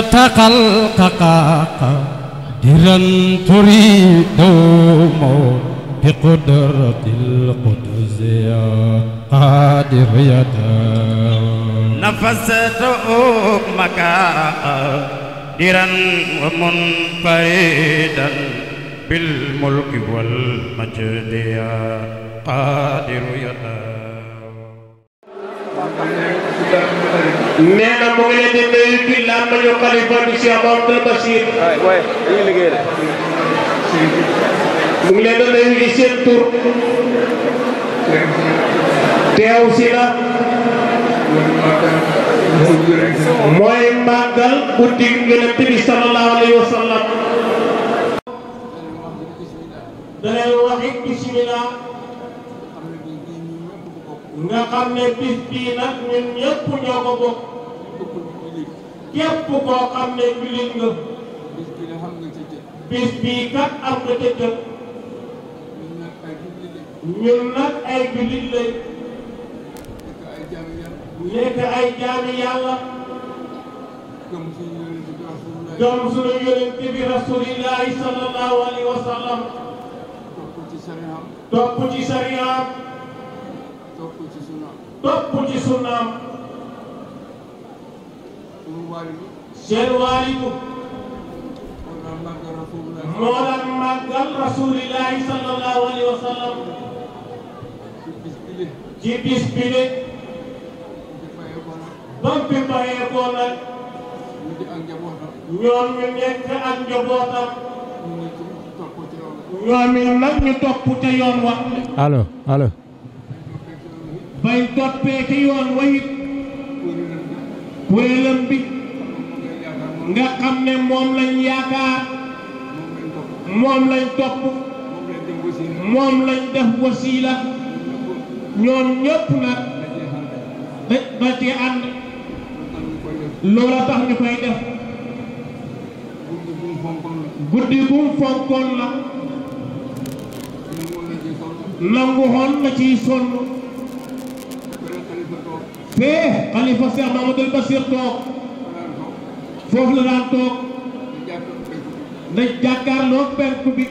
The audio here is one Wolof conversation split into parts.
تقى القاق درا تريد بقدرة القدس يا قادر يا نفست أمك درا ومنفردا بالملك والمجد يا قادر يا nee na mu ngi leen di nuyu ci làmmiñu xalifa bi Cheikh Abdoul Bachir. waaye dañuy liggéey rek. mu ngi leen di nuyu ci seen tur. teew si la. mooy màggal guddi Yonent bi sallallahu alayhi wa sallam. da ngay wax it bismillah. nga xam ne bis bii nag ñun ñëpp ñoo ko bokk. képp koo xam ne jullit nga. bis bii am nga ca jël. bis bii am nga ca jël. ñun nag ay jullit lañ. nekk ay jaami yàlla. nekk ay jaami yàlla. gëm suñu yonent bi rasulillah. gëm suñu bi ci sariyaam. topp topp ci sunnaam seen waalidu moo daan màggal rasulillahi sallallahu alayhi wa ci bis bi de bam bi bàyyeekoo nag ñoom ñu nekk ak njabootam ñoom nag ñu topp te yoon wax allo allo bay toppee ci yoon wayit kuréelam bi nga xam ne moom lañ yaakaar moom lañ topp moom lañ def wasiila ñoom ñëpp nag da da ci ànd loola tax ñu koy def guddi gum fonkoon nangu xoon na ciy sonn te xalifa Seex Mamadul Basiir toog foofu la daan toog na jàkkaarloo penku bi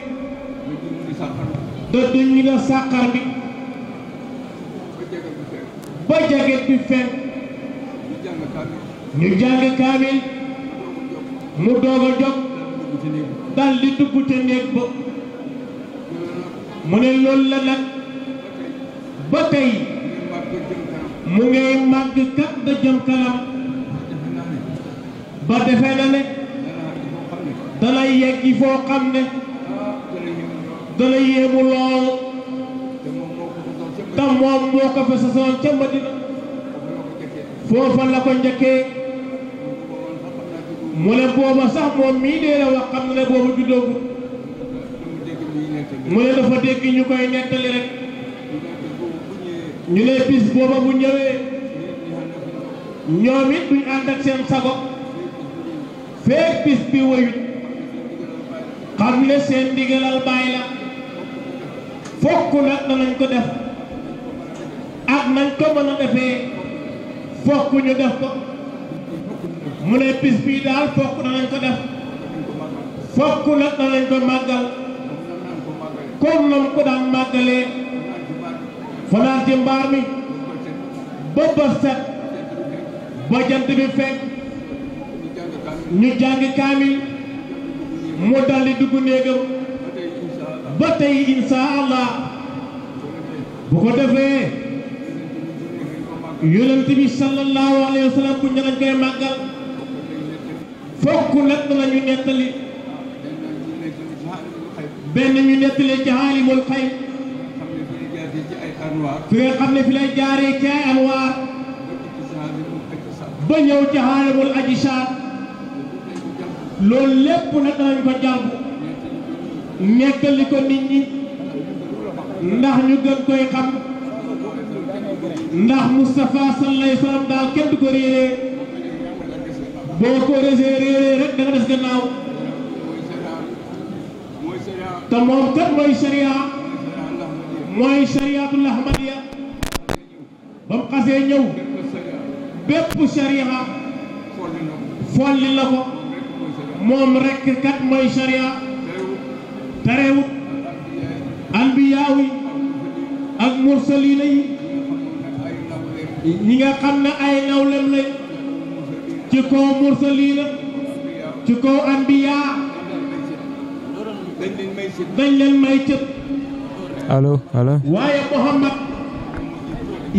da duñ ñu la bi ba jaget bi fen ñu jàng kaamil mu doog a jóg dugg te néeg ba mu ne loolu la nag ba tey mu ngay màgg kat ba jëm kanam ba defee na ne dana yegg foo xam ne dana yéemu lool te moom moo ko fa sasoon ca Madina foofa la ko njëkkee mu ne booba sax moom mii dee la wax xam ne boobu juddoogu mu ne dafa dégg ñu koy nettali rek ñu ne bis booba bu ñëwee ñoom it duñ ànd ak seen sago feek bis bi wëyut xam ne seen ndigalal bàyyi la fokk nag danañ ko def ak nañ ko mën a defee fokk ñu def ko mu ne bis bii daal fokk danañ ko def fokk nag danañ ko màggal comme noonu ko daan màggalee fanaan ci mbaar mi ba bët ba jant bi fekk ñu jàng kaamil mu daldi dugg néegam ba tey insha allah bu ko defee yonent bi sallallahu alayhi wa ku ñu lañ koy màggal fokk nag danañu nettali benn ñu nettali ci xaalimul xayb fi nga xam ne fi lay jaaree ci ay anwaar ba ñëw ci xaalimul aji saat loolu lépp nag danañ ko ko nit ndax ñu gën koy xam ndax Moustapha sallallahu alayhi daal kenn du ko réeree boo ko réeree réeree rek da nga des gannaaw te moom kat mooy sariya mooy chariatul ahmadiya ba mu xasee ñëw bépp charia folli la ko moom rekk kat mooy charia terewut anbiyaaw ak mursaliina yi ñi nga xam ne ay nawlem lañ ci kaw mursaliina ci kaw anbiyaa dañ leen may allo allo. waaye Muhammad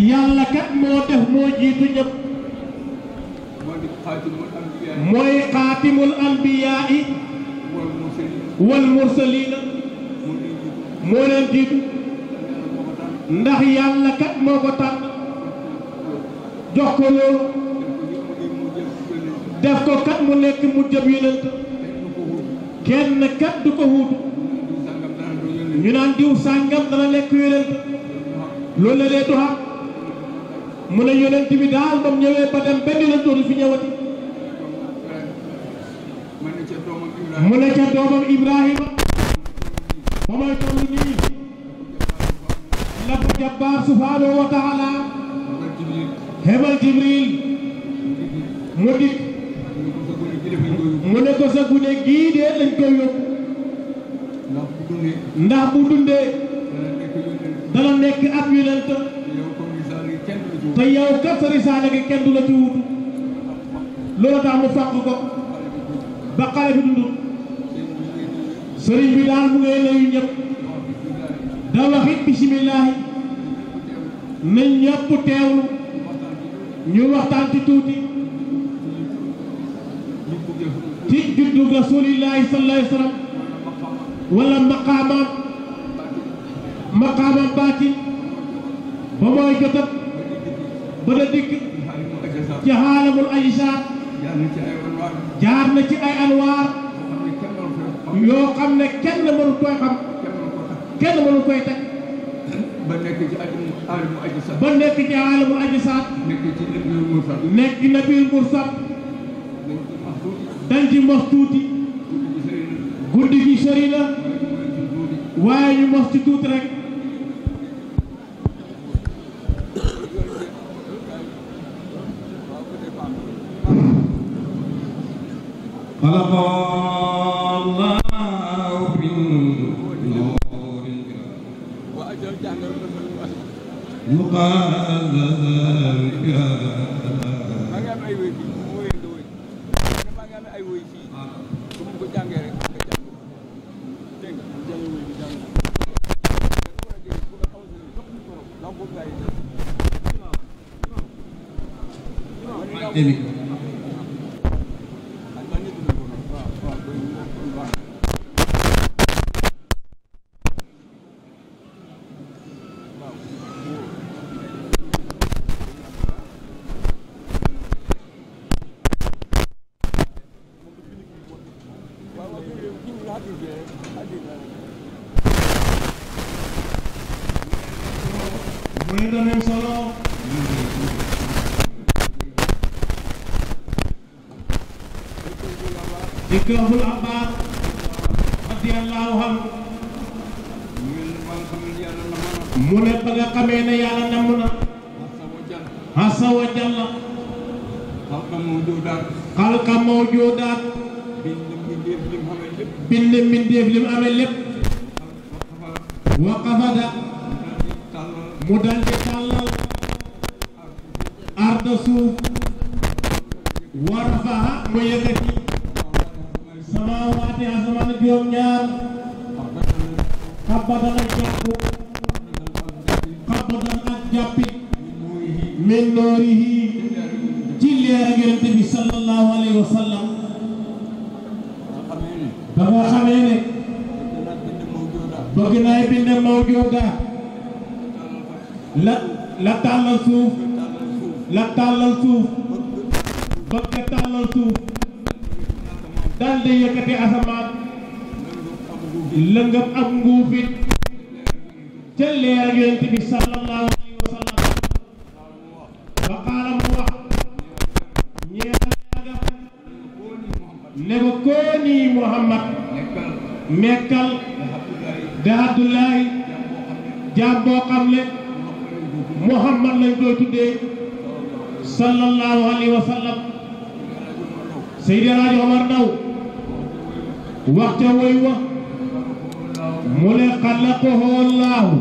yàlla kat moo def moo jiitu mooy xaatimul anbiyaa'i wal mursaliina moo leen jiitu ndax yàlla kat moo ko tànn jox ko loolu def ko kat mu nekk mu jëm yonent kenn kat du ko wuutu ñu naan diw sàngam dana lekk yonent loolu mu ne yonent bi daal ba mu ñëwee ba dem benn la fi ñëwati mu ne ca doomam Ibrahima mu may tollu nii la ko jabbaar subhaanahu wa taala hebal Jibril mu ne ko sa gune gii dee ndax bu dundee dana nekk ab yonent te yow kat sa risaale gi kenn du la ci mu fàq ba xale bi dund sëriñ bi daal mu ngay layu ñëpp da wax it bisimilahi na ñëpp teewlu ñu tuuti ci juddu rasulillahi sallallahu alayhi wala maqaamam maqaamam baatin ba mooy jotat ba da dikk ci xaalamul ajsaar jaar na ci ay u yoo xam ne kenn mënu koy xam kenn mënu koy teg ba nekk ci aalamu ajsaar ba nekk ci aalamu ajsaar nekk ci nabiyul mursal nekk ci nabiyul mursal dañ ci mos tuuti guddi gi sori na waaye ñu mos ci tuuti rek Allah muy demee solo. Ikrahul Abbas mu ne ba nga xamee ne na. Asa wa Jalla. Xalqa mawjudaat. Xalqa bind mbindeef li mu amee lépp wa qafada mu dal di tàllal arda suuf tàllal suuf la tàllal suuf bëgg a tàllal suuf dal di yëkkati asamaan lëngëm am nguufit ca leer ak yonent waxta way wax mu ne xalaqahu llaahu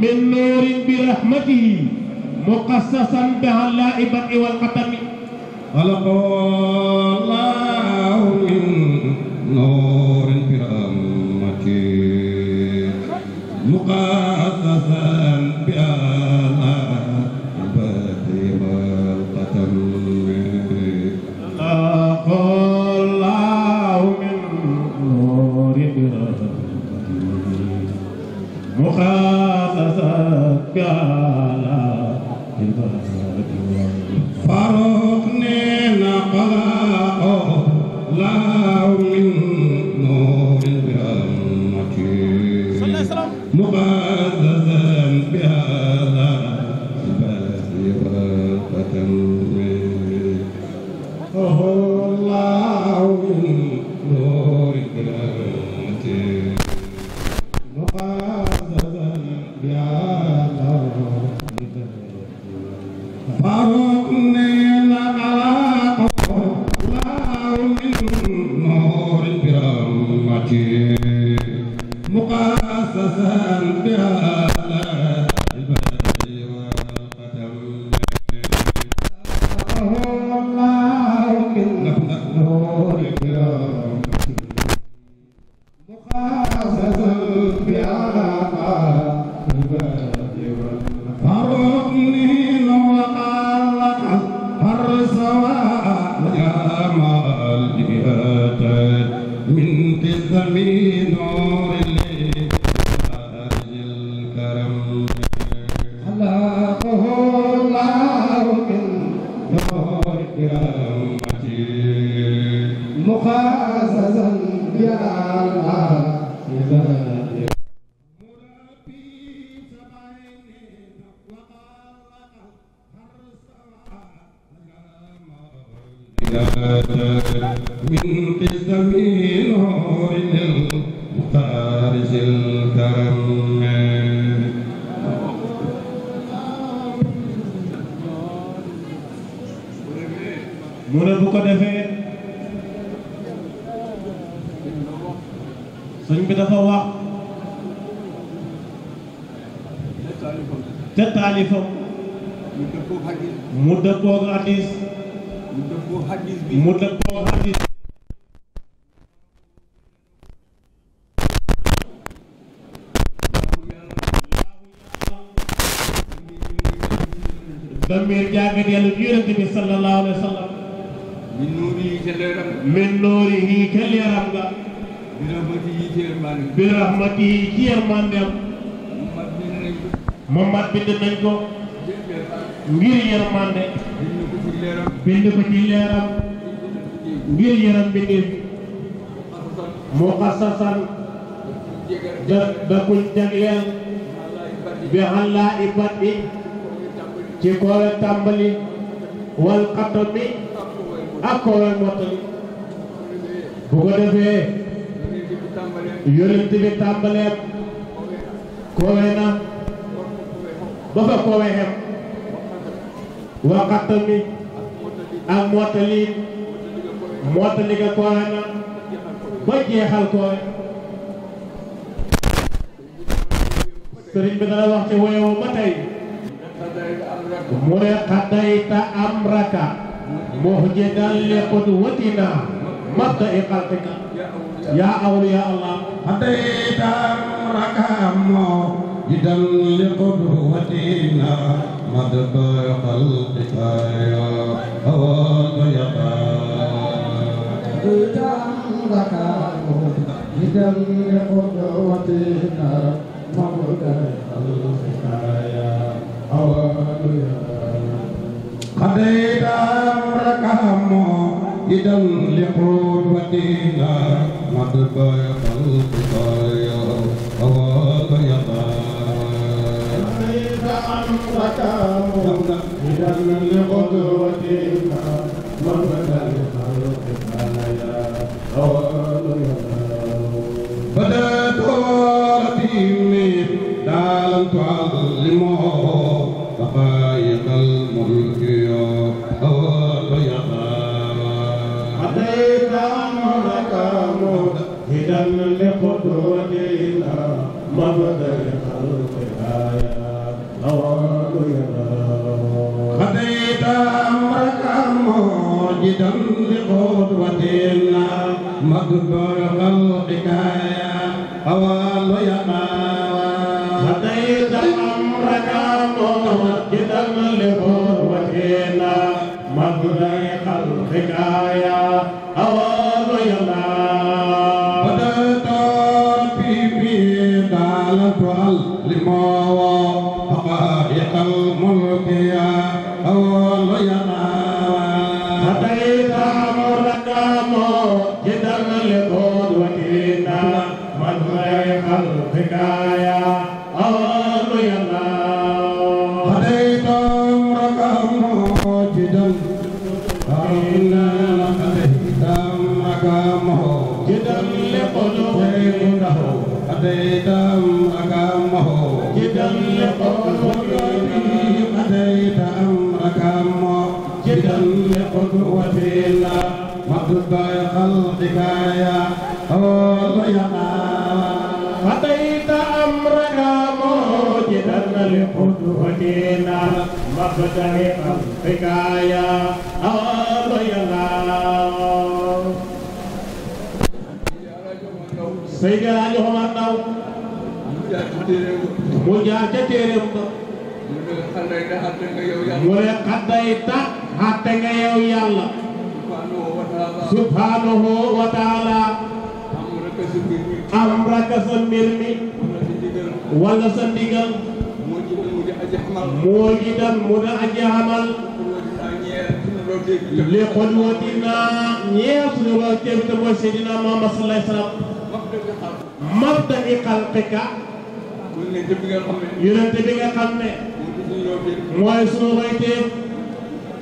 min nuurin bi rahmatihi muqassasan biha laa'iban wal qatami xalaqahu llaahu min nuurin bi rahmatihi muqassasan biha 된것 같아요. mu ne ko defee sëñ bi dafa wax te taalifam mu dëppoog hadis mu dëppoog hadis damir jaagat yàlla yonent bi sallallahu alayhi wa sallam min nuurihi kel yaram min nuurihi kel yaram ci yermande bi rahmatihi ci yermandeem moom mat bind nañ ko ngir yermande ci leeram ngir yaram bindee mu xasasan da da kuñ jagleel bi xalaa ibat bi ci koole tàmbali wal xatami ak ko war a bu ko defee yonent bi tàmbaleet koowe ba fa koowe xem waxatal mi ak mottali mottali ga koowe ba jeexal koowe sëriñ bi dana wax ci woyoo ba tey mu ne xaddayta amraka مهجنا لقدوتنا مبدأ خلقك يا أولياء الله أتيت أمرك أمه إذا لقدوتنا مبدأ خلقك يا أولياء الله إذا لقدوتنا مبدأ خلقك يا أولياء قضيت أمرك همه إذا لحوت ودينا مدبر خلقك يا هواك يا قضيت أمرك همه إذا لحوت ودينا مدبر خلقك يا هواك يا بدأت والدي مني تعلمت علمه مددا لقدوتنا مبدا لخلقنا يا نوال يا هديت امرك موجدا لقدوتنا مقدور خلقك يا نوال يا خير خلقك يا ربنا أتيت أمرك موجدا لقدوتنا مقدم أمرك يا ربنا سيدنا عمر ناو مجاهد تيرم mu ne xaddayta xatte nga yow yàlla subhanahu wa taala am raka sa mbir mi wala sa ndigal moo ji dan mu da aji xamal li xolwatina ñeel suñu loo teew te mooy Seydina Muhammad sallallahu alayhi wa sallam mabda'i xalqika yonente bi nga xam ne mooy suñu roy teew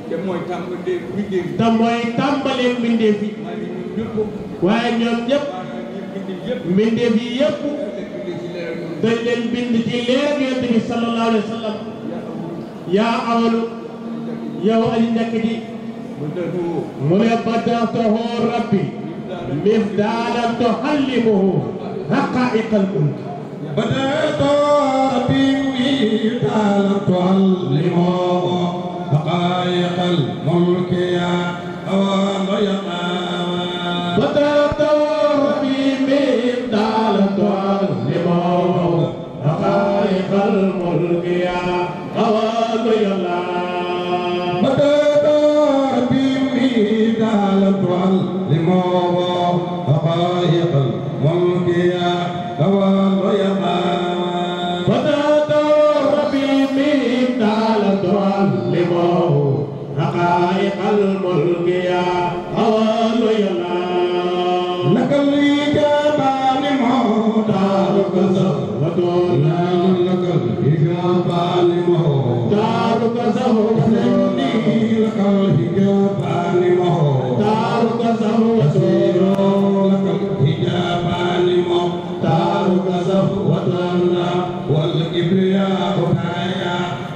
te mooy tàmbalee mbindeef yi. te mooy tàmbalee mbindeef yi. waaye ñoom ñëpp. mbindeef yi yëpp. dañ leen bind ci leer yonent bi sallallahu alayhi wa sallam. yaa awalu. yow aji njëkk ji. mu ne badatahu rabbi. mifdaalan tuhallimuhu haqaa'iqal mulk. badatahu rabbi mifdaalan tuhallimuhu حقائق الملك يا أول يقام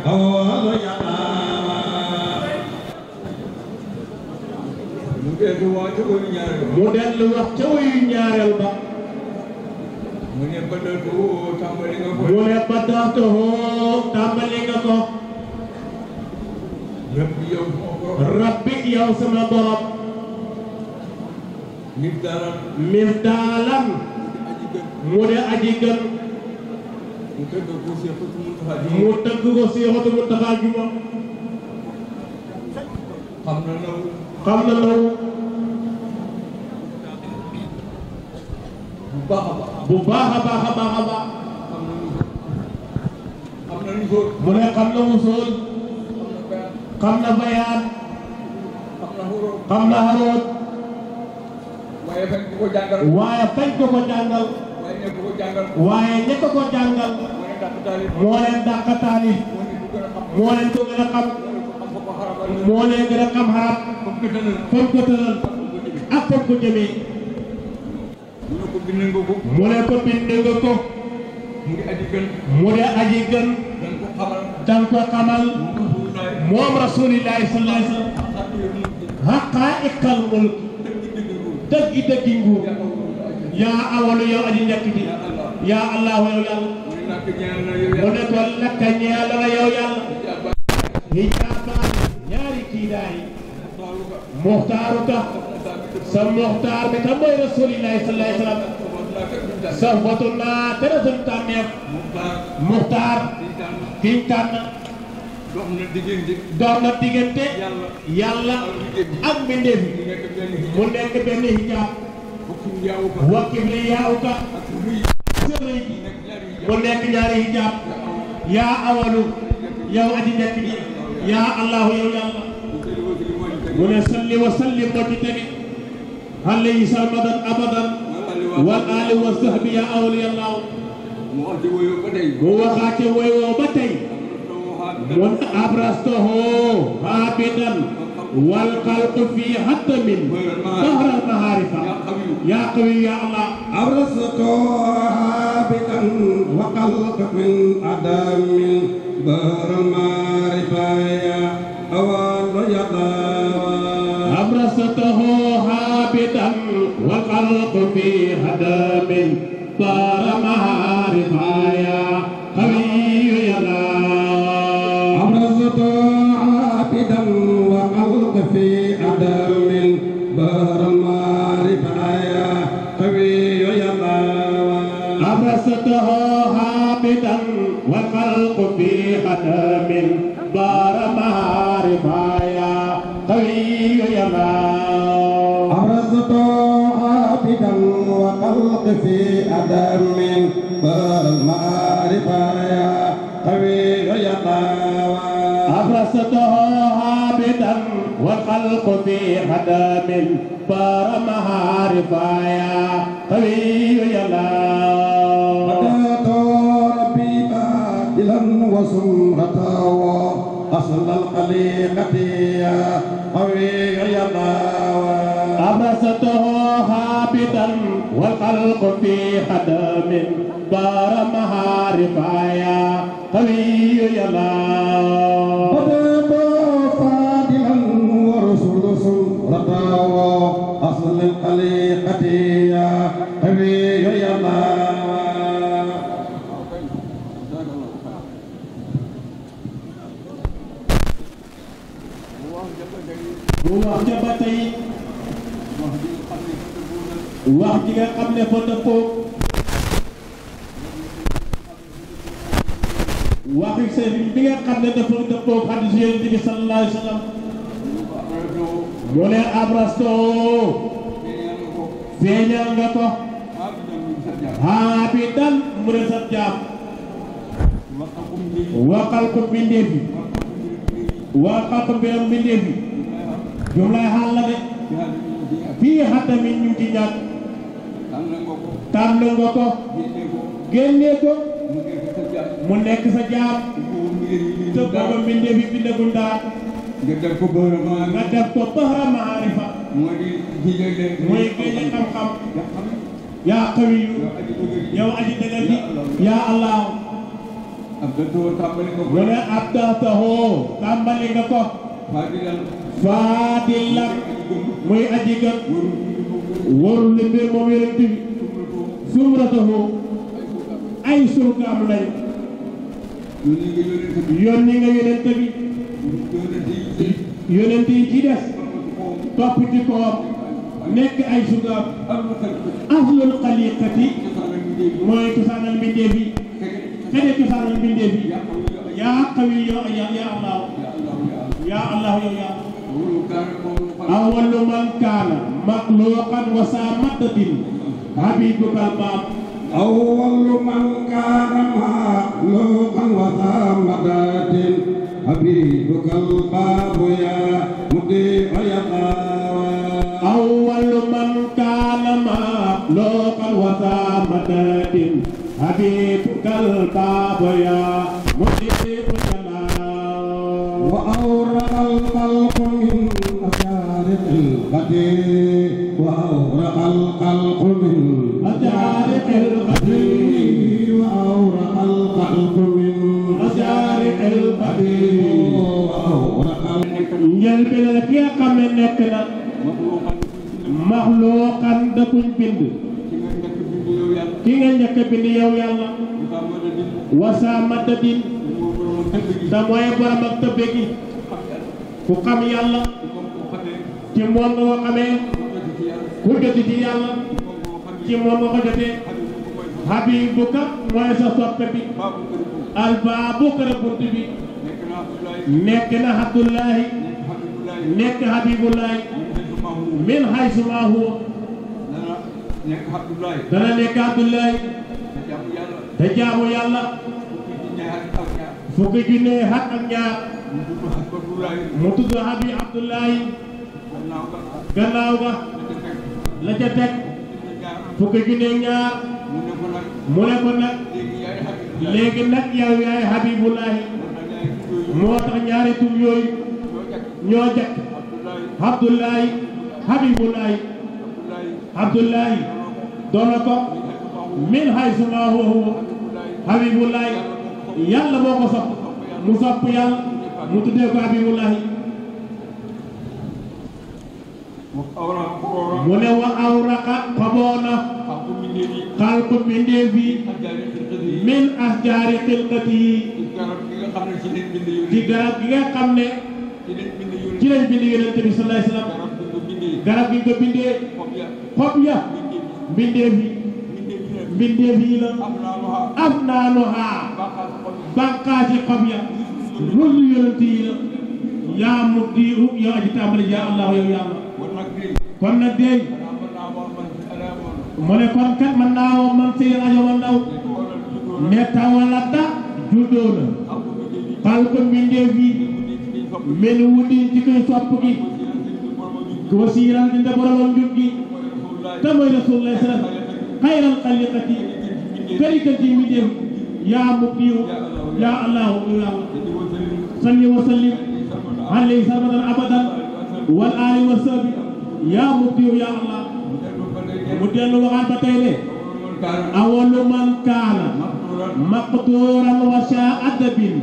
mu dellu wax ca wuyu ñaareel ba. mu ne baddatoo tàmbali nga ko. mu ne ko. rabbi yow sama borom. rabbi yow sama borom. mu tëgg ko si xottu Moustapha ji. mu tëgg ko si xottu Moustapha ji moom. xam na naw. xam na naw. bu baax a baax. bu baax a baax a baax a baax. xam na nu sóor. mu ne xam na mu sóor. xam na bayaan. xam na xaroot. waaye fañ ko ko jàngal. waaye fañ ko ko jàngal. waaye ña ko ko jàngal moo leen dàq taalif moo leen ko gën a xam moo leen gën a xam xarab fam ko tëral ak fam ko jëmee mu ne ko bind nga ko mu de aji gën danga ko xamal moom rasulillahi sallallahu alayhi wa sallam xaqaa ikkal mulk dëggi dëggi nguur yaa awalu yow aji njëkk ji yaa allah yow yàlla mu ne ko lakka ñeel la yow yàlla hijaabaani ñaari kiidaay muxtaaru ka sa muxtaar bi tam mooy rasulillahi sallallahu alayhi wa sallam sa fotullaa te rasul tànneef muxtaar kiñ tànn dox na diggante dox na diggante yàlla ak mbindeef mu nekk benn hijaab wakkil li yaawuka sërëy bu nekk ñaari hijab yaa awalu yow aji nekk ji yaa allahu yow yàlla mu ne salli wa sallim ba ci tamit alayhi salmadan abadan wal ali wa sahbi yaa awalu yàllaaw mu waxaate woy woo ba tey mun abrastoho haabidan والخلق في حتم ظهر المعارف يا قوي يا الله أرسطها بك وقلق من عدم بر المعرفة يا أول يقام أرسطه هابتا والخلق في هدم ظهر قصته عابدا والخلق في خدام فارمها رفايا قوي يلا بدات ربي باجلا وسمرة أصل الخليقة يا قوي يلا أبرزته هابدا والخلق في خدم بارمها رفايا قوي يلا ni yo yàlla bu wax ja ba tey wax ji nga xam ne fa dëppoo waxi sëriñ bi nga xam ne dafa dëppoo xadiis Yonent bi sallallahu alayhi wa sallam mu ne abrasto feeñal nga ko aabidan mu ne sab jaam waxal ko mbindéef yi waxal ko mbiram mbindéef yi jumlay xaal la de fii xatamit ñu ci ñàkk tànn nga ko génnee ko mu nekk sa jaam te booba mbindéef yi bindagul dara nga def ko bahra maarifa mooy génne xam-xam yaa qawiyu yow aji dëgër ji yaa allah abdatoo tàmbali nga ko mu ne abdatoo tàmbali nga ko faadillan muy aji gëm warul mbir moom yonent bi sumratahu ay surgaam lay yónni nga yonent bi yonent yi ci des topp ci koom nekk ay sugaab aslul xaliqati mooy cosaanal mbindeef yi xëy cosaanal mbindeef yi yaa qawi yow yaa allah yaa allah yow yaa awalu man kaana maxluqan wa saa maddatin habibuka albaab awalu man kaana maxluqan wa saa maddatin habibuka albaab yaa mudi wa yaa وسامة حبيبك الباب يا مجيب الجلال وأورق الخلق من مشارق البديع وأورق الخلق من مشارق البديع وأورق الخلق من مشارق البديع وأورق الخلق من مشارق البديع maxlooxan da kuñ bind ki nga njëkk bi ni yow yàlla wasaa madadin te mooy borom ak tëbbe gi ku xam yàlla ci moom nga ko xamee ku joti ci yàlla ci moom nga ko jotee habibuka mooy sa soppe bi albaabu kër bunt bi nekk na Abdullahi nekk Habibullahi min haysu maa huwa nekk Abdoulaye. dana nekk Abdoulaye. te jaamu yàlla. fukki junne xat ak mu tudd Habi Abdoulaye. gannaaw ga. la ca fukki junne ñaar. mu ne ko nag. léegi nag yaay Habibulahi. moo tax ñaari tur yooyu. ñoo jakk Abdoulaye Habibulahi. abdullahi doon na min haysu laa huwa habibullahi yàlla moo ko sopp mu sopp yàlla mu tuddee ko habibullahi mu ne wa awraqa faboona xalqu mbindeef yi min asjaari xilqati yi ci gi nga xam ne ci lañ bind yonent bi garab gi nga bindee xob ya mbindeef yi mbindeef yi la af naa noxaa bànqaasi xob ya rul yonent yi la yaa mu diiru yaa aji tàmbali yaa allah yow yàlla kon nag deey mu ne kon kat man naa woo man seen ajo ma ndaw ne tawalata juddoo na xal ko mbindeef yi men wudin ci koy sopp gi wasiiran dinde boromam njub gi te mooy rasulullah sallam xayral xaliqati kërikati mi dem yaa mubdiyu yaa allahu yaa salli wa sallim alayhi sarmadan abadan wal aali wa sahbi yaa mubdiyu yaa allah mu dellu waxaan ba tey de awalu man kaana maqduuran wa saa adabin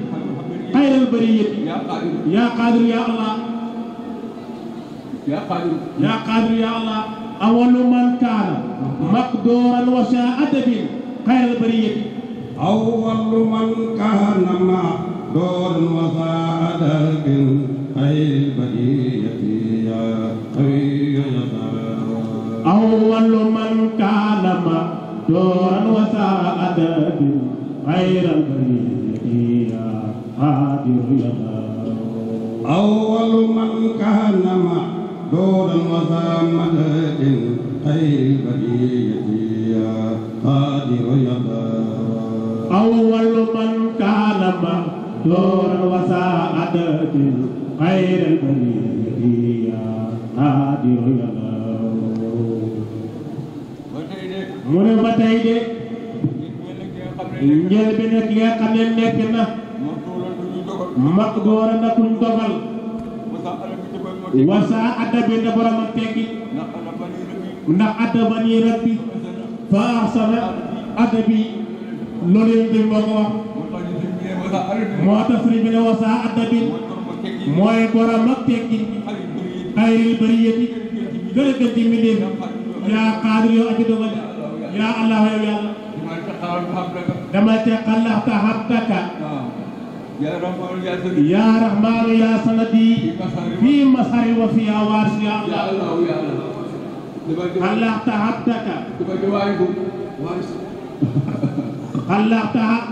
xayral bariyati yaa qaadir yaa allah يا قادر يا قادر يا الله أول من كان مقدورا وشاء أدب خير البرية أول من كان مقدورا وشاء أدب خير البرية يا قوي يا أول من كان مقدورا وشاء أدب خير البرية يا قادر يا أول من كان مقدورا دورا وهامة خير البرية يا قادر يا أول من كان دورا وساعدة خير البرية يا قادر يا mu ne ba tey de njël bi nag yaa xam ne nekk na mak doora na kuñ dogal wasa adabi na boromam tekki ndax adabani rabbi fa ahsana adabi loolu yëpp dañ moo ko wax moo tax adabi mooy borom ak tekki xayril bariyati gën a gën ci mbindéef yaa xaadir yow aji dogal allah yow yàlla dama te xalaxta xabtaka يا رحمن يا سندي في مساري وفي عوارس يا الله الله تعبتك الله تعب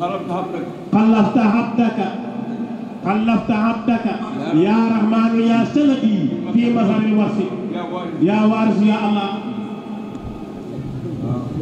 خلفت عبدك خلفت عبدك يا رحمن يا سندي في مظهر الوصف يا وارث يا الله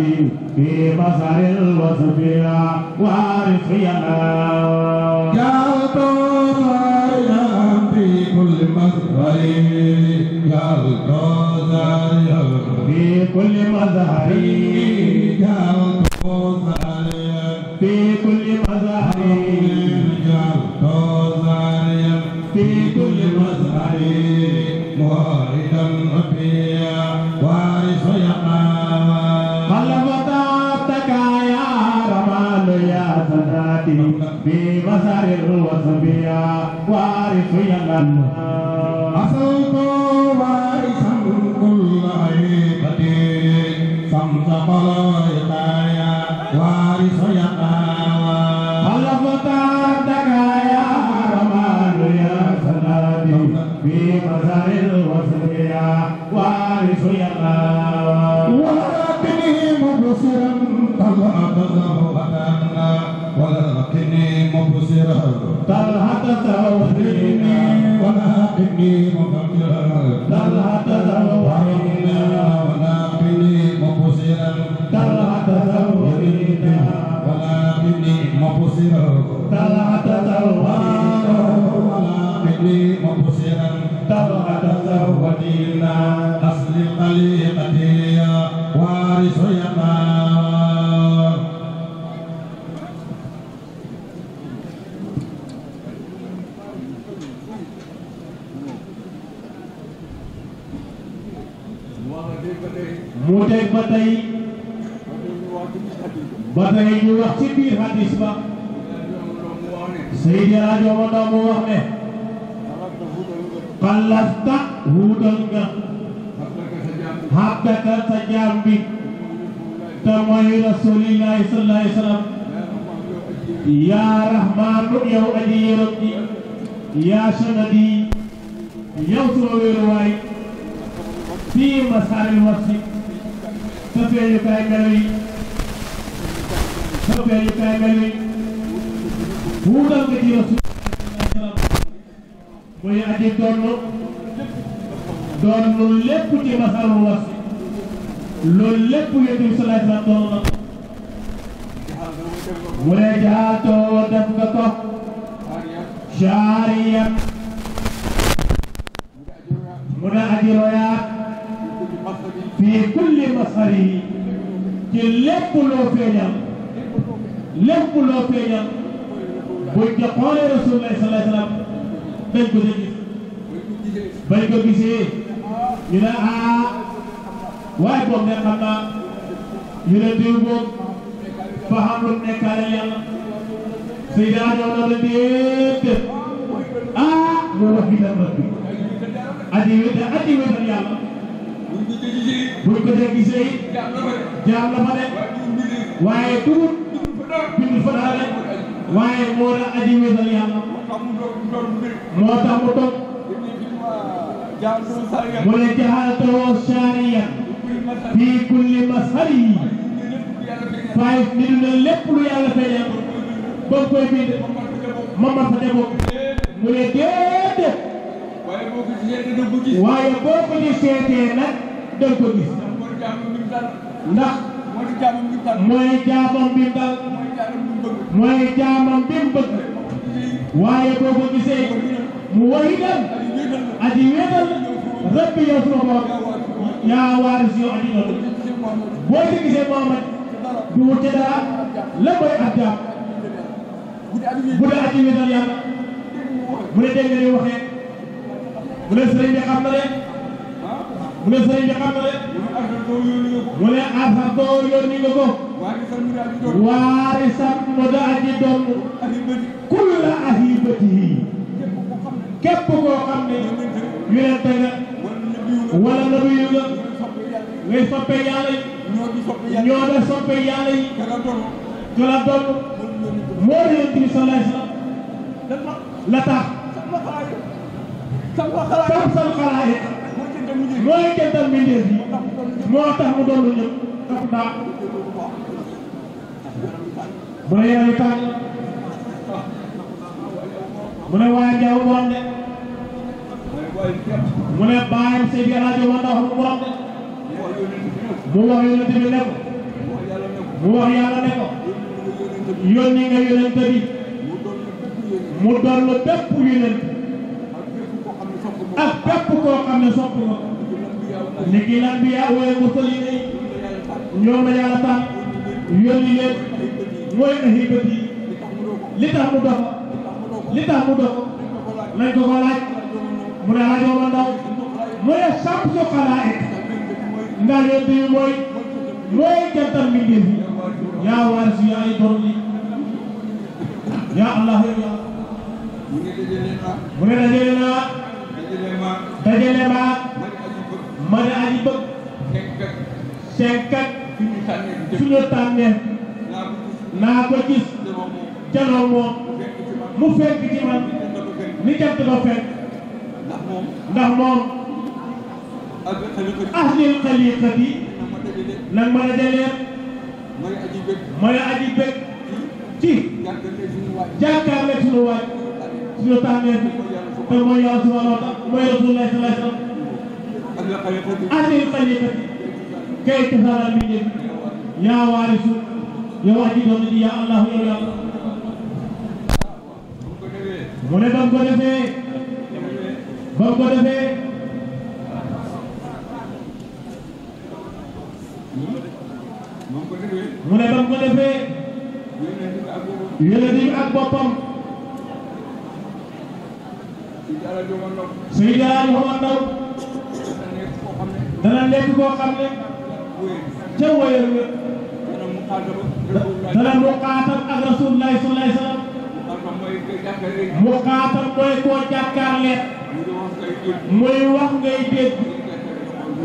الربي في مظهر وزفيا وعارف ينا جعلت زاريا في كل مظهر جعلت زاريا في كل مظهر جعلت زاريا في كل مظهر جعلت زاريا في كل مظهر mooy rasulillahi sallallahu wa sallam yaa rahmaanu yow aji yërëm ji yaa sanadi yow sama wéeruwaay fii masaaril wasi safeeyukaay melo yi safeeyukaay melo yi wuutal nga ci rasulillahi sallam muy aji loolu lépp yéen bi salaay salaam doon na mu ne jaatoo def nga ko jaariya mu ne ajiroya fii kulli masari ci lépp loo feeñal lépp loo feeñal buñ ko xoolee rasulullah salaay salaam dañ ko gis bañ ko gisee ñu ne ah waaye boobu nag xam naa yeneen diw boobu fa xam lu nekkaale yàlla Seydou Adama la déedéet ah loolu wax bi dara la bi ati wéetal ati wéetal yàlla buñ ko dee gisee jaam la fa de waaye dugub bind fa dara de waaye moo la ati wéetal yàlla moo tax mu toog mu ne jaxaatoo saariyan fii kulli masari yi waaye bind na lépp lu yàlla fay koy bind Mamar Sa Debbo mu ne waaye boo ko di nag danga gis ndax mooy jaamam bi dal mooy jaamam bi bëgg waaye boo ko gisee mu wari aji wéetal rëbb yow sama bopp yaa waaris yoo andi noonu boo ci gisee Mouhamad du wute dara la mooy ab jaam bu dee at yi wéetal yàlla mu ne dégg nga ni waxee mu ne sëriñ bi xam na rek mu ne sëriñ bi xam na rek mu ne Assa Dóor yónni nga ko waarisam mu da aji doom kulla ahibatihi képp koo xam ne yonente nga wala nabiyu nga ngay soppe yàlla yi ñoo de soppe yàlla yi jula doon moo di la tax sam sam xalaay mooy kental mbindeef yi moo tax mu doon lu ñëpp mu ne yooyu tànn mu ne waa njaw moom mu ne baayam Seydi El Hadji Omar daa wax lu mu wax de mu wax yonent bi ne ko mu ne ko yónni nga yonent mu doon la bépp yonent ak bépp koo xam ne sopp nga ni ki lan bi yaa wooye musal yi day ñoom la yàlla tànn yónni leen mooy ahibat yi li tax mu dox li tax mu dox nañ ko ko mu ne rajo ma ndaw mu ne samsu xalaaiq ndax yéen bii mooy mooy jantal mbindeef yaa waaris ay doon yaa allah ya mu ne dajale naa dajale maa ma ne aji bëgg senkat suñu tànnee naa ko gis janoo moom mu fekk ci man ni jant ba fekk moom ndax moom ahlil xaliqati nag mën a deleer mooy aji bëgg mooy aji bëgg ci jàkkaarle suñu waaj suñu tànneer bi te mooy yàlla subhanahu wa taala mooy rasulullah sallallahu alayhi wasallam ahlil xaliqati kay tasaara mi ñëpp yaa waarisu yow aji doon ji yaa allahu yow yàlla mu ne dam ko defee ba mu ko defee mu ak boppam suy daal yu xamal ndaw dana nekk koo xam ne ca wóyal ak rasulullah sallallahu alayhi wasallam mu xaatam mooy koo muy wax ngay dégg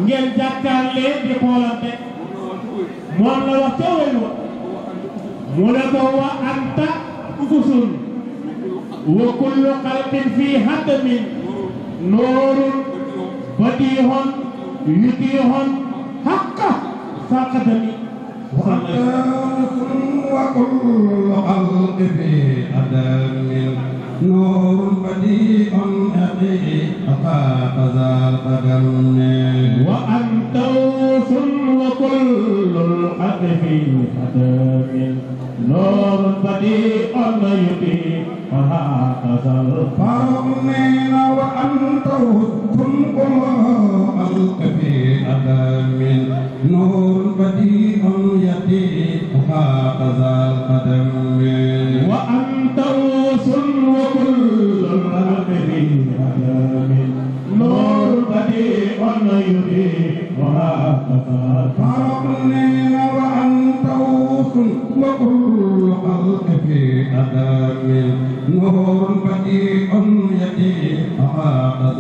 ngeen jàkkaarlee di xoolante moom la wax ca wéy wa mu ne ko wa anta ufusun wa kullu xalqin fii haddamin noorun badihon yutihon haqqa faqadami وكل خلق في أدم نور بديع أبيه أطاق ذا القدم وأنت وص وكل الحق في ختام نور بديع يبيه وهكذا الفرمين وأنت وكل الحق في ختام نور بديع يبيه وهكذا القدم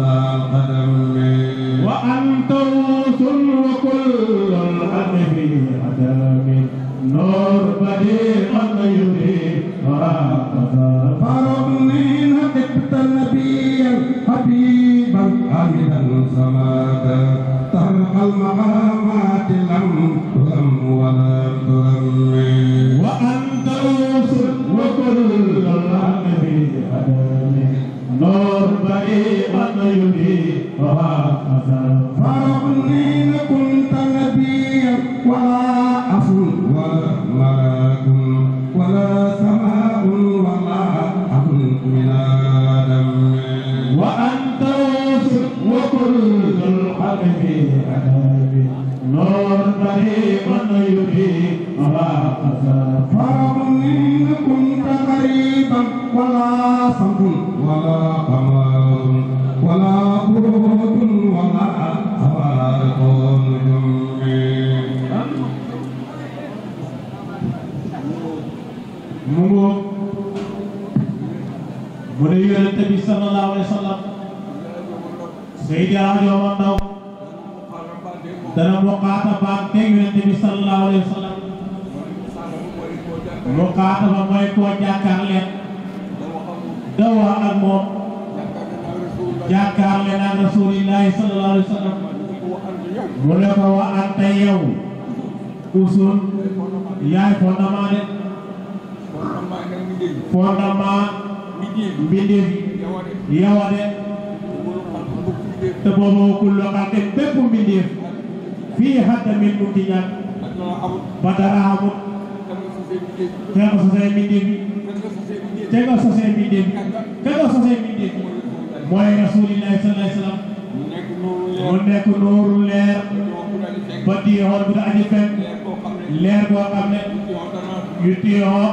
Allah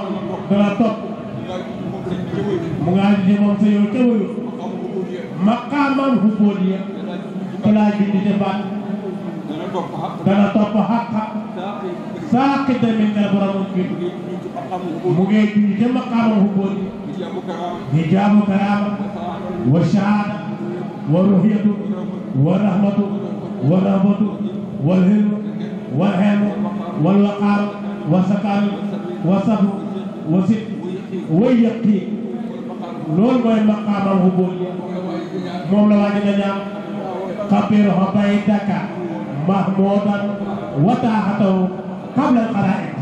ginnaaw dana topp mu ngi aju ji moom sa yow ca wëyu maqaaman huboodiya palaaj bi di defaat dana topp xaq saa ki tamit nga boromam bi mu ngi aju ca maqaaman huboodiya di jaamu karaama wa shahaada wa ruhiyatu wa rahmatu wa rahmatu wa hilmu wa xeemu wa laqaaru wa sakaaru wa sabru wasit way yaqin loolu mooy maqaamal xubóot moom la waaji na ñaam xabir xabay daka mahmoodan wataaxataw qabla alxaraa'id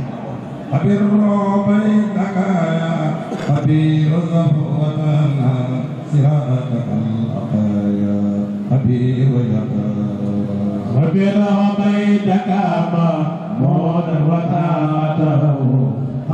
xabir xabay daka xabir xabwatana siraataka alaqaya xabir yaqin xabir xabay daka mahmoodan wataaxataw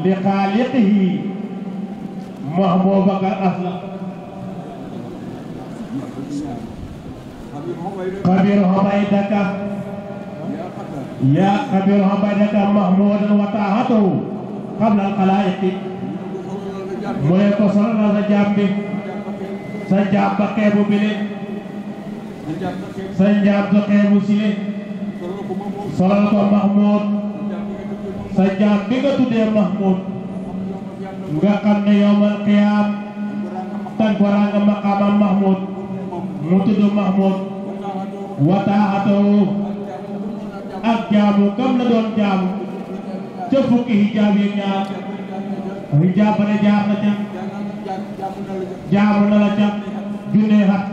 li xaaliqihi mahbubaka asla xabir humaydaka yaa xabir humaydaka mahmudan wa taahatuhu qabla alxalaayiqi mu ne ko solal sa jaam bi sa jaam ba xeebu bile sa jaam ba xeebu sile solal ko mahmud sa jaam bi nga tuddee Mahmoud nga xam ne yowmal qiyaam tagwaraa nga maqaamam Mahmoud mu tudd Mahmoud wataaxatoo ak jaamu gam na doon jaamu ca fukki hijaab yi ñaar hijaab ba ne jaar ca jaamu na la ca junne xat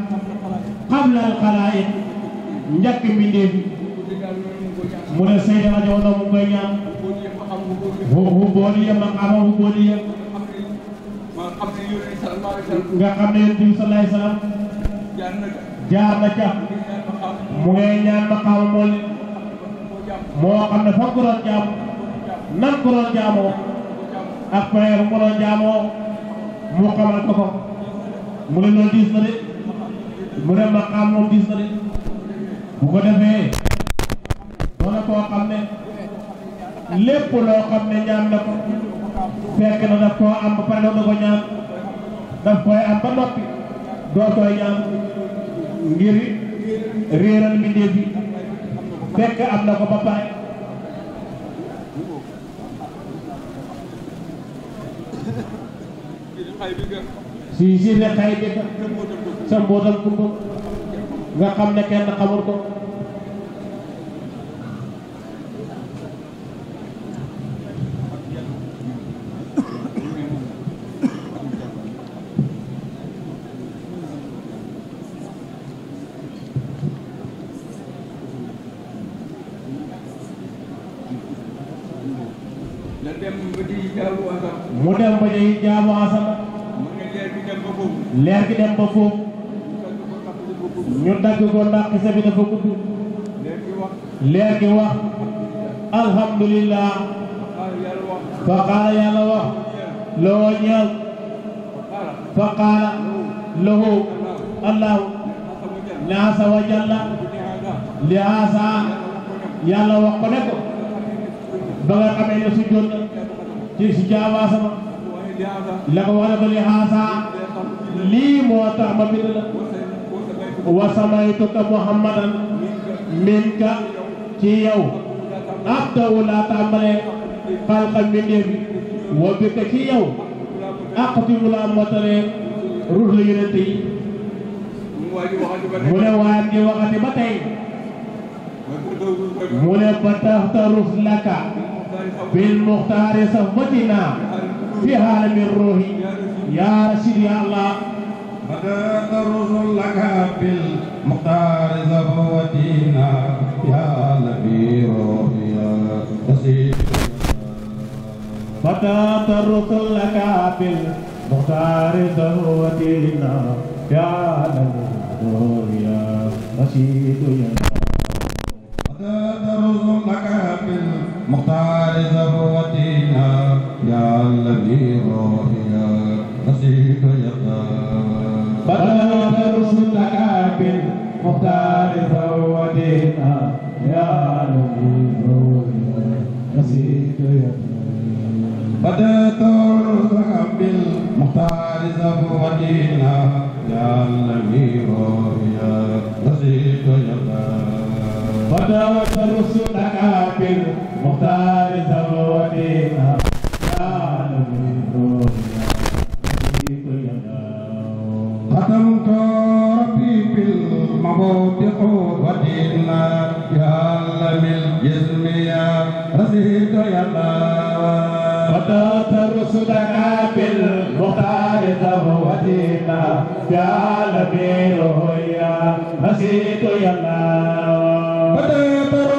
qabla al xalaaiq njëkk mbindeef mu ne Seydina Jow na mu koy ñaan hubooliya nga xam ne yonent bi salaay salaam jaar na ca mu ngay ñaan maqaama mool moo xam ne foog ko doon nan ko doon jaamoo ak frère mu ko doon mu xamal ko ko mu ne diis na de mu ne maqaam moom diis na de bu ko defee doona koo xam ne lépp loo xam ne ñaan na ko fekk na daf koo am ba pare da ko ñaan daf koy am ba noppi doo koy ñaan ngir réeral mbindeef bi fekk am na ko ba pare si si ne xay bi sa mbóotal kumba nga xam ne kenn xamul ko yi leer gi dem ba foofu ñu dagg ko ndax kese bi dafa gudd leer gi wax alhamdulillah fa qaala yàlla wax loo ñeel fa qaala lahu allahu ne wax ko ne ko ba nga xamee ne ci si jaamu la ko war a bëri haasa lii moo tax ma bind la wasamaytuka muhammadan minka ci yow abdawu laa tàmbalee xalqa mbindeef wa bika ci yow aqtimu laa motalee ruux la yonent yi mu ne waat di waxati ba tey mu ne ba taxta ruux laka bil muxtaari safwatinaa في عالم الروح يا رشيد يا الله بدأت الرسل لك بالمختار زبوتنا يا نبي روحي يا رشيد بدأت الرسل لك بالمختار زبوتنا يا نبي روحي يا رشيد يا بدأت الرسل لك بالمختار زبوتنا مختار ثودينا يا نبي نسيت يا بدأت الحب المختار ثودينا يا نبي نسيت يا بدأت رسلك بالمختار ثودينا مفتح ودينا يا لم الجسم يا رسيد يا فتات رسلك بالمختار ودينا يا لم الهيا رسيد يا فتات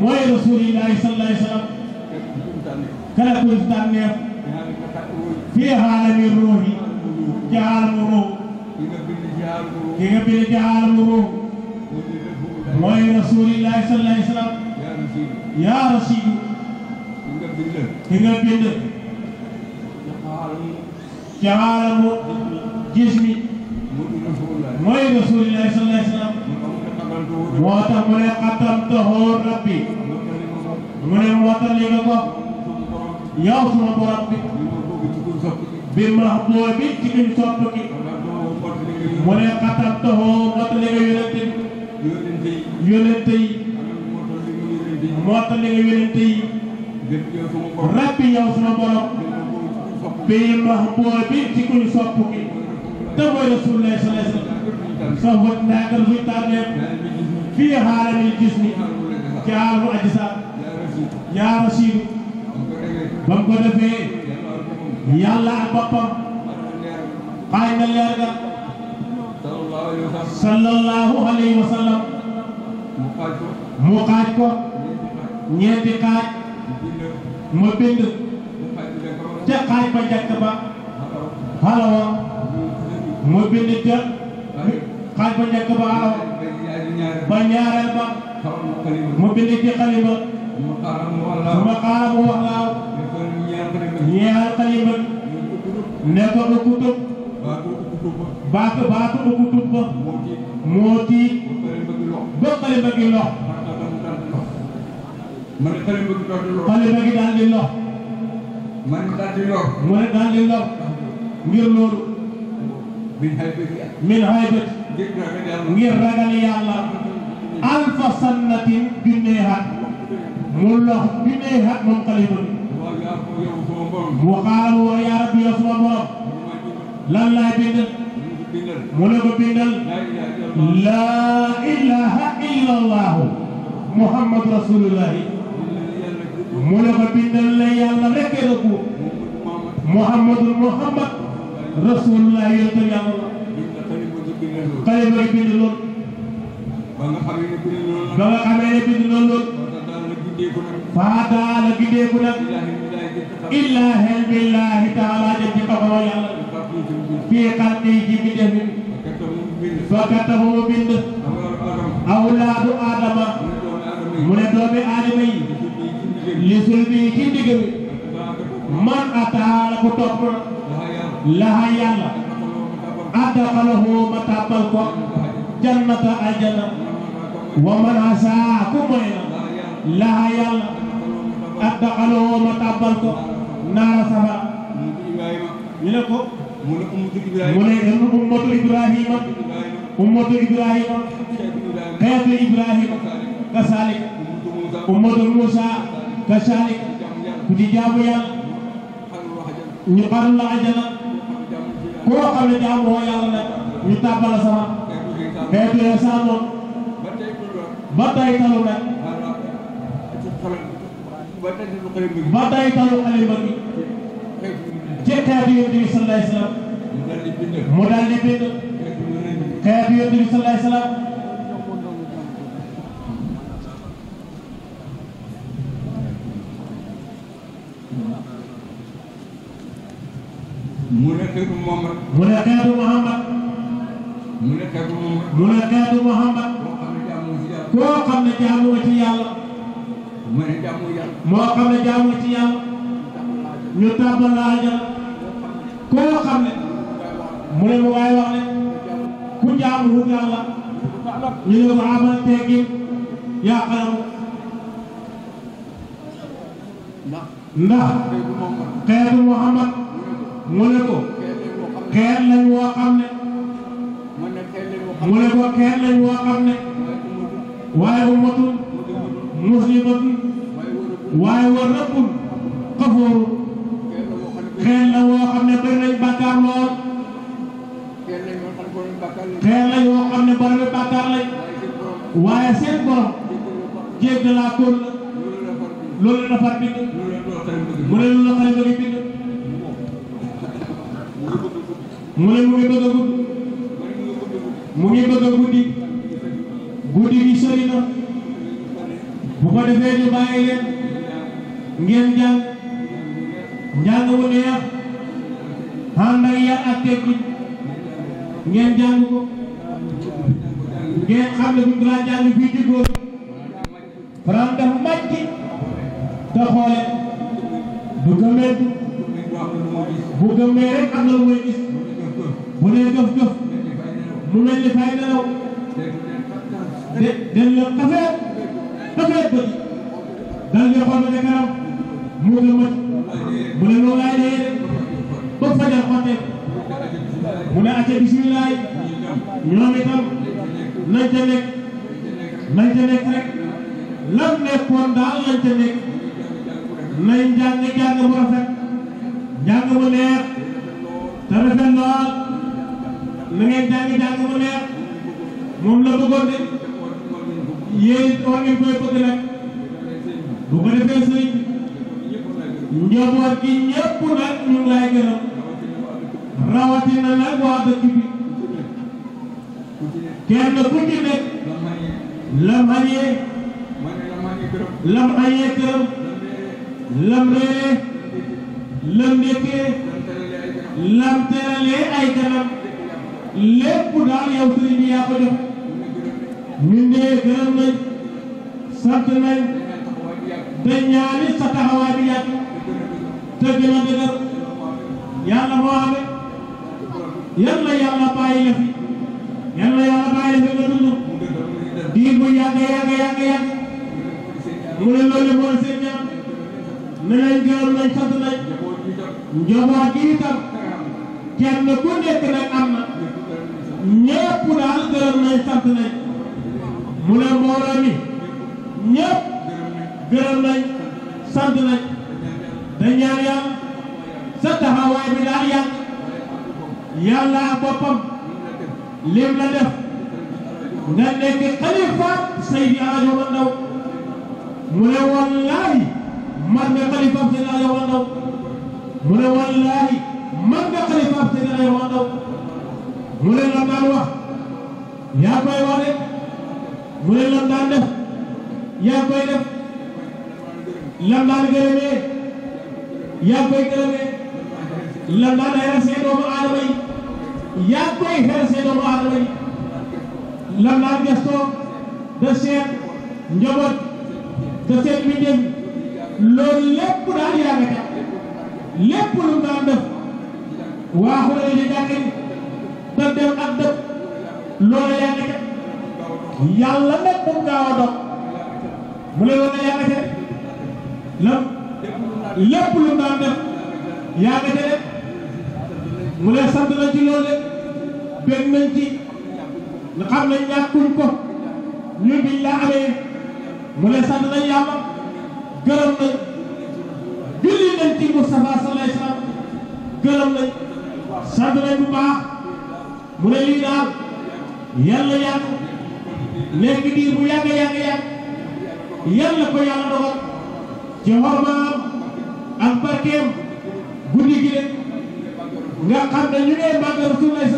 mooy rasulillahi sallallahu alayhi wa sallam kala ko tànneef fii xaalami ruuhi jaxaalmu ruuh ki nga bind jaxaalmu ruuh mooy rasulillahi sallallahu alayhi wa sallam yaa rasidu ki nga bind jaxaalmu jismi mooy rasulillahi sallallahu alayhi wa sallam moo tax mu ne xatam rabbi mu suma borom rabbi bi ma boo ci gën sopp ki te mooy rasulullah sallallahu alayhi sa wot naa kan suy fii xaaral gis ni caaru ajisa yaa rasiidu ba mu ko defee ak boppam xaaj na leer ga sallallahu alayhi wa sallam mu xaaj ko ñeenti xaaj ma bind te xaaj ba njëkk ba xalawa ma bind te xaaj ba njëkk ba xalawa ba ñaareel ba mu bind ci xalima mu wax laaw ñeexal xalima ne ko kutub baatu baatu du kutub ba moo tiit ba xalima gi ngir ragal yàlla alfa sannatin junnee at mu lox junnee at moom xalifa bi mu xaaru wa yaa rabbi yow sama borom lan laay bindal mu ne ko bindal laa ilaha illa allahu muhammad rasulullahi في خلقه بدم فكتبه بند أولاد آدم من دوم آدم لسلبه كندقم من أتى لك تقر لها يالا أدخله متابلك جنة الجنة ومن عسى كمين لها يالا أدخله متابلك mu ne ummatu Ibrahima ummatu Ibrahima xeetu Ibrahima kasalik ummatu Moussa kasalik ku di jaamu yàlla ñu xaral la ajana koo xam ne jaamoo yàlla nag ñu tàbbal sama xeetu ya saanoon ba tey talu nag ba tey talu xalima bi ci xeetu yonent bi sallallahu alayhi wasallam mu daal di bind xeetu yonent bi sallallahu alayhi wa sallam mu ne ma waaye wax ne ku jaamu wut yàlla ñu ne ko amal teggin yaa mu ne ko xeet mu ne ko xeet lañ woo xam ne waaye ummatun muslimatun waaye wa rabbun xafooru xeet la woo xam ne bëri nañ bàkkaar xeer la yoo xam ne borom bi bàkkaar lañ waaye seen borom jéggalaakoon la loolu la far bind mu ne loolu la xale mu ne mu ngi bëgg a guddi guddi gi sori na bu ko defee ñu bàyyi leen ngeen jàng njàng wu neex ànd ak yar ak teggin ngeen jàng ko xam ne buñ daan jàng fii juddoo Franc dafa bu gëmee bu gëmee rek am na bu ne dof mu mel fay nelaw de dañ leen tafee tafee bëri dañ ne kanam mu gëmati ñoom itam lañ ca nekk lañ ca nekk rek lan nekkoon daal lañ ca nekk nañ jàng jàng bu rafet lam hayee lam hayee këram lam reeree lam nekkee lam teralee ay kanam lépp daal yow sëriñ bi yaa ko gërëm nañ sant nañ te ñaani sa taxawaay bi yàgg te gën a dëgër yàlla moo xame yàlla yàlla bàyyi diir bu yàgg yàgg yàgg yàgg mu ne loolu moo seen ñam ne leen gërëm nañ sant nañ njaboot gi kenn ku nekk nag am na ñëpp daal gërëm nañ sant nañ mu ne mbooloo mi ñëpp nañ sant nañ dañ ñaan yàlla sa taxawaay bi daal yàgg yàlla boppam lim la def nga nekk xalifa Seydi Alaaji Omar Ndaw mu ne wallaahi man nga xalifa Seydi Alaaji Omar Ndaw mu ne wallaahi man nga xalifa Seydi Alaaji Omar Ndaw mu daan wax yaa koy wax de mu ne lan daan def yaa koy def lan daan gërëmee yaa koy gërëmee lan daan xeer seen doomu aadama yi yaa koy xeer lan laa gëstoo de seet njaboot de loolu lépp daal yaa ngi lépp lu mu daan def waaxu la di jàngi te dem ak dëpp yàlla lépp daan def yaa ngi tax mu ne sant ci loolu benn ci. nga xam ne ñàkkul ko ñu biñ la amee mu ne sant nañ yàlla gërëm nañ julli nañ ci Moustapha sallallahu alayhi wasallam gërëm nañ sant nañ bu mu ne lii daal yàlla yàgg léegi diir bu yàgg yàgg yàgg yàlla ko yàlla dogal ci xormaam ak barkeem guddi gi de nga xam ne ñu ngi màggal Rasulullah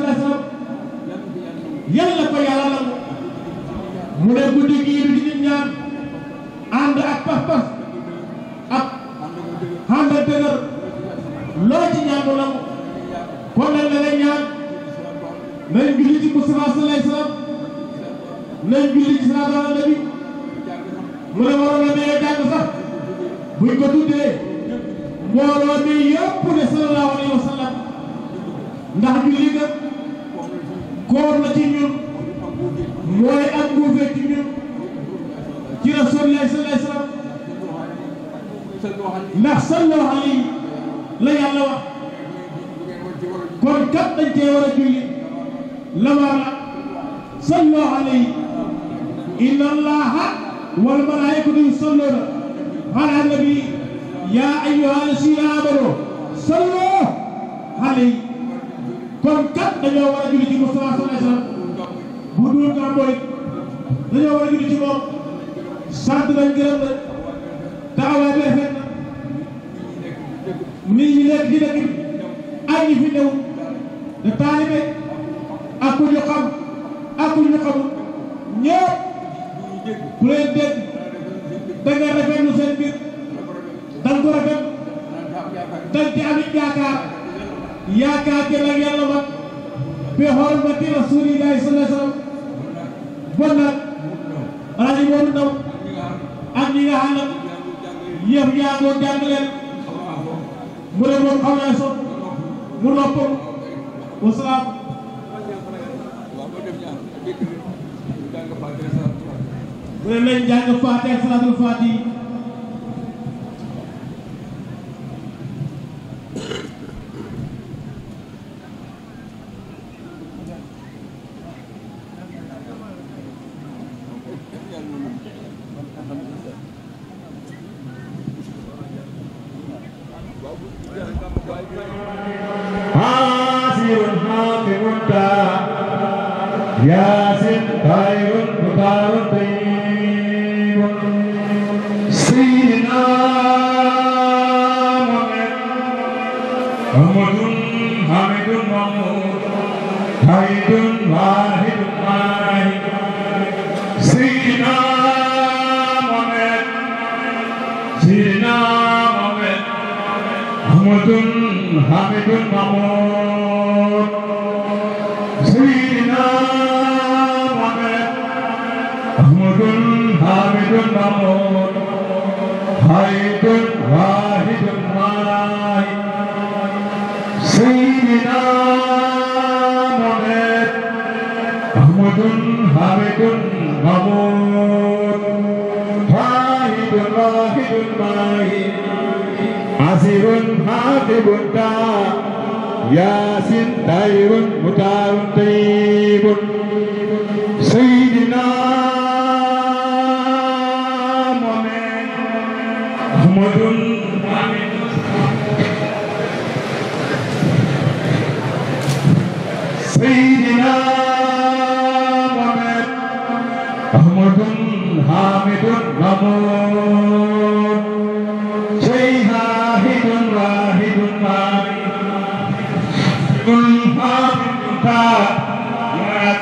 yàlla ko yàlla nangu mu ne guddi gii du ci ñaan ànd ak pas-pas ak ànd ak dëgër loo ci ñaan mu nangu kon nag la lay ñaan nañ julli ci Mustafa sallallahu alayhi wasallam nañ julli ci salaatu ala nabi mu noppalu wasalaam mu ne nañ jàng faatiha salaatul faatiha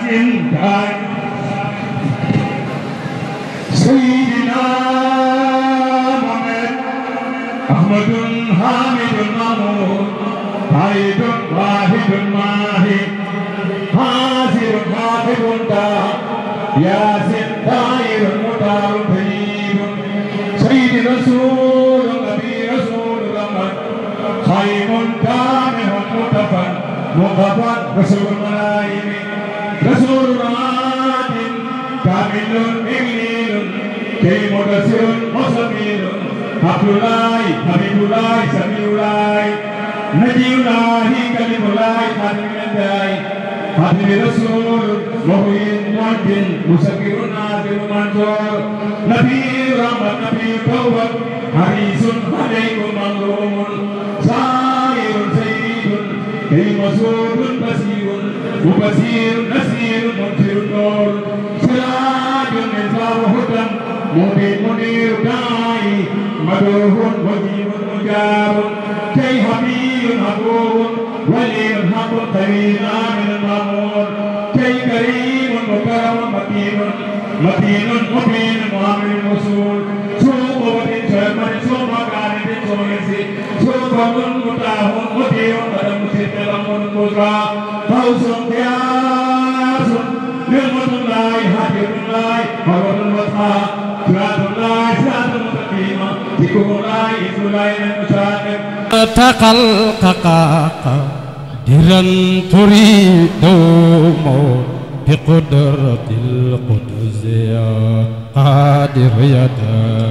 Gracias. مبشر وصمير عبد الله حبيب الله سميع الله نجي الله كلم الله خاتم الله خاتم رسول مهين معجن مسكر ناظر منصور نبي رحمة نبي توبة حريص عليكم مظلوم صائر سيد كي مسور بصير مبصير نسير منكر نور مبين منير داعي مدعو مجيب مجاب كي حمي عدو ولي حق قريب من المامون كي كريم مكرم متين متين مبين مؤمن مسؤول سوق وطن شرمن سوق مكان سومسي سوق من متاه متين قدم سيدنا من مزرا فوزن ديار للمتن لاي حاجر لاي فرد الوطن تقلقق قادرا تريد بقدرة القدس يا قادر يدا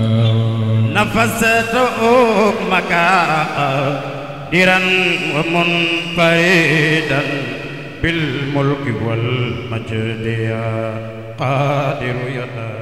نفست أمك قادرا ومنفردا بالملك والمجد يا قادر يدا